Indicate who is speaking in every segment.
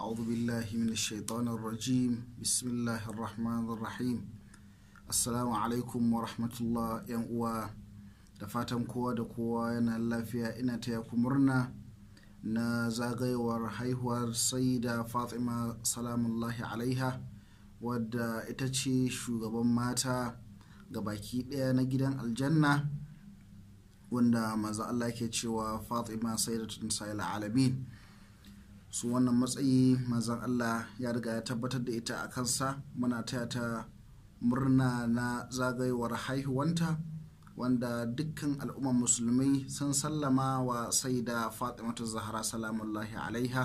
Speaker 1: أعوذ بالله من الشيطان Assalamu alaikum wa rahmatullah yan uwa da fatan kowa da kowa yana lafiya ina taya ku murna na zagayowar haihuwar saida fatima salamullahi alaiha wadda ita ce shugaban mata ga baki ɗaya na gidan aljanna wanda maza Allah ke cewa fatima saidatun sa'il alamin su wannan matsayi manzan Allah ya riga ya tabbatar da ita a kansa muna taya ta murna na zagayowar haihuwanta wanda dukkan al'umman musulmi sun sallama wa sai da fatimatu zahara salamullahi alaiha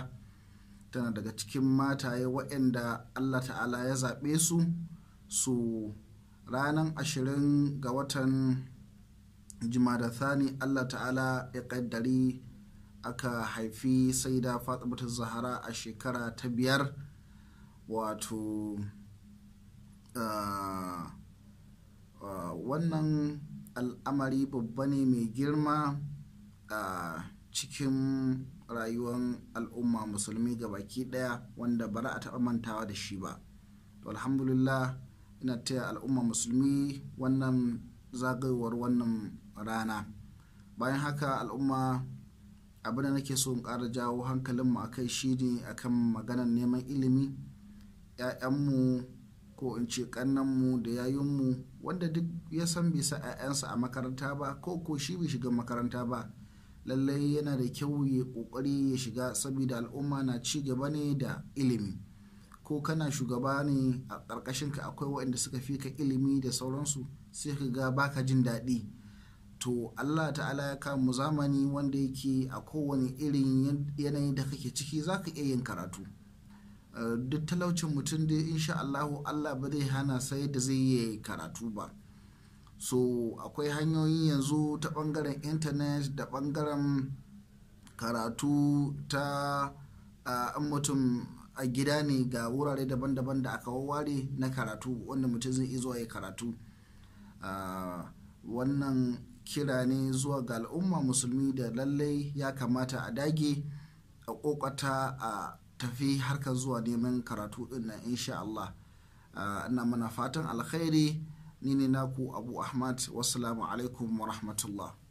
Speaker 1: tana daga cikin mataye waɗanda Allah ta'ala ya zaɓe su su ranar ashirin ga watan da thani Allah ta'ala ya ƙaddari aka haifi sai da fatimatu zahara a shekara ta biyar wato ah, ah, wannan al'amari babba ne mai girma a cikin rayuwar al'umma musulmi ga baki daya wanda bara a taɓa mantawa da shi ba to alhamdulillah ina taya al'umma musulmi wannan zagayowar wannan rana bayan haka al'umma abin da nake so in ƙara jawo hankalin mu a kai ne akan maganar neman ilimi ƴaƴanmu ko in ce mu da yayunmu wanda duk ya san bai sa 'ya'yansa a makaranta ba ko ko shi bai shiga makaranta ba lallai yana da kyau ya ƙoƙari ya shiga saboda al'umma na ci gaba ne da ilimi ko kana shugaba ne a ka akwai waɗanda suka fi ka ilimi da sauransu sai ka ga baka jin daɗi to Allah ta'ala ya kama zamani wanda yake a kowane irin yanayi da kake ciki za ka iya yin karatu eh, duk talaucin mutum da insha Allahu Allah ba zai hana sai da zai yi karatu ba so akwai hanyoyin yanzu ta bangaren intanet da bangaren karatu ta an ah, mutum a gida ne ga wurare daban-daban da aka ware na karatu wanda mutum zai iya zuwa ya karatu ah, wannan kira ne zuwa ga al'umma musulmi da lallai ya kamata a dage a kokata a tafi harka zuwa neman karatu din nan insha Allah ina mana fatan alkhairi ni ne naku abu ahmad wasu alaikum wa rahmatullah